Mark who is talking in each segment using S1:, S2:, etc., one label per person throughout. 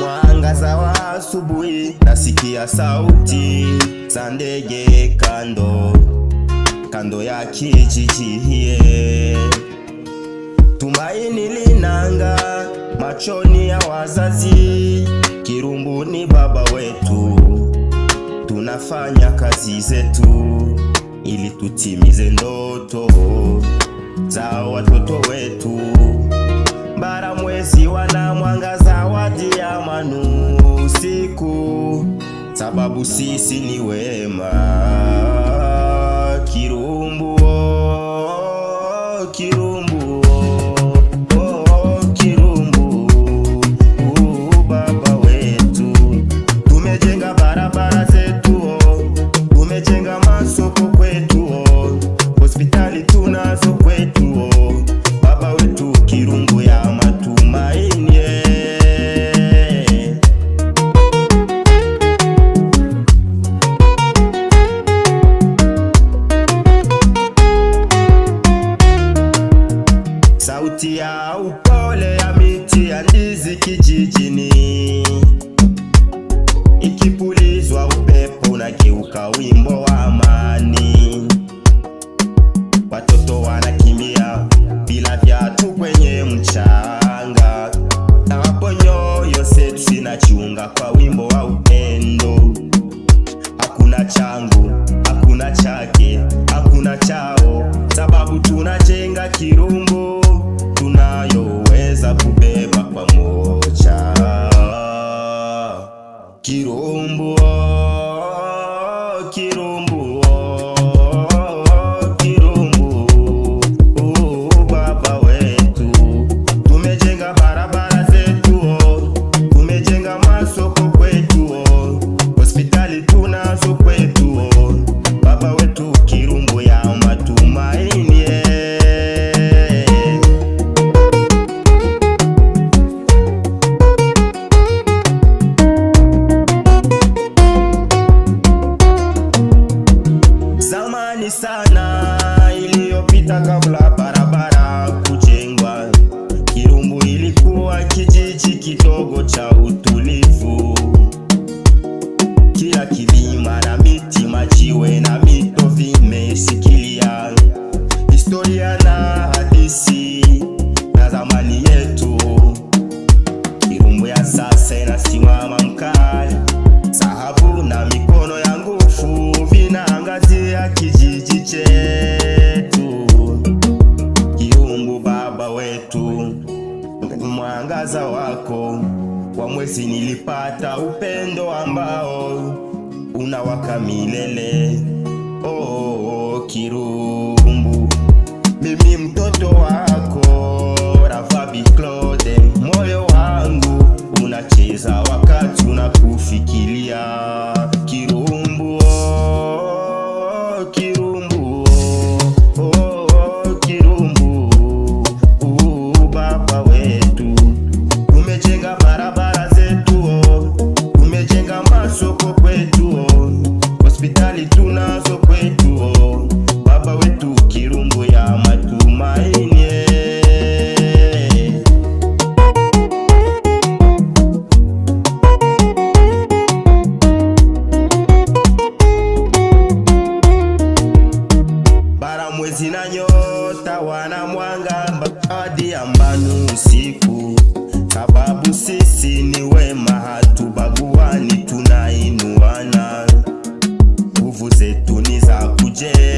S1: Mwangaza wa asubuhi, nasikia sauti za ndege kando kando ya kijiji hie. Tumaini linanga machoni ya wazazi, kirumbuni baba tunafanya kazi zetu ili tutimize ndoto za watoto wetu. Bara mwezi wana mwangaza ya manu usiku, sababu sisi ni wema. Kirumbu, kirumbu sauti ya upole ya miti ya ndizi kijijini, ikipulizwa upepo kiuka wimbo wa amani. Watoto wanakimbia bila viatu kwenye mchanga, na hapo nyoyo zetu zinachunga kwa wimbo sana iliyopita kabla hapa mwangaza wako wa mwezi nilipata upendo ambao unawaka milele. Oh, oh, oh, Kirumbu, mimi mtoto wako nyota mwanga hadi ambanu usiku, sababu sisi ni wema, hatubaguani, tunainuana, nguvu zetu ni za kujenga.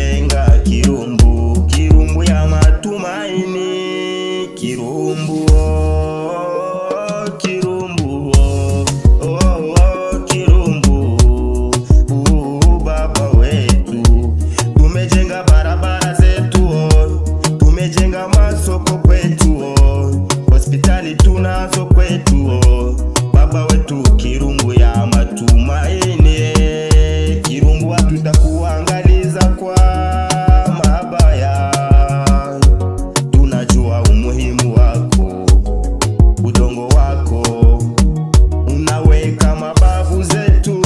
S1: tutakuangaliza kwa mabaya. Tunajua umuhimu wako, udongo wako unaweka mababu zetu,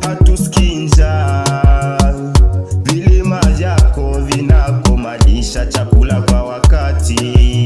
S1: hatusikii njaa. Vilima vyako vinakomalisha chakula kwa wakati.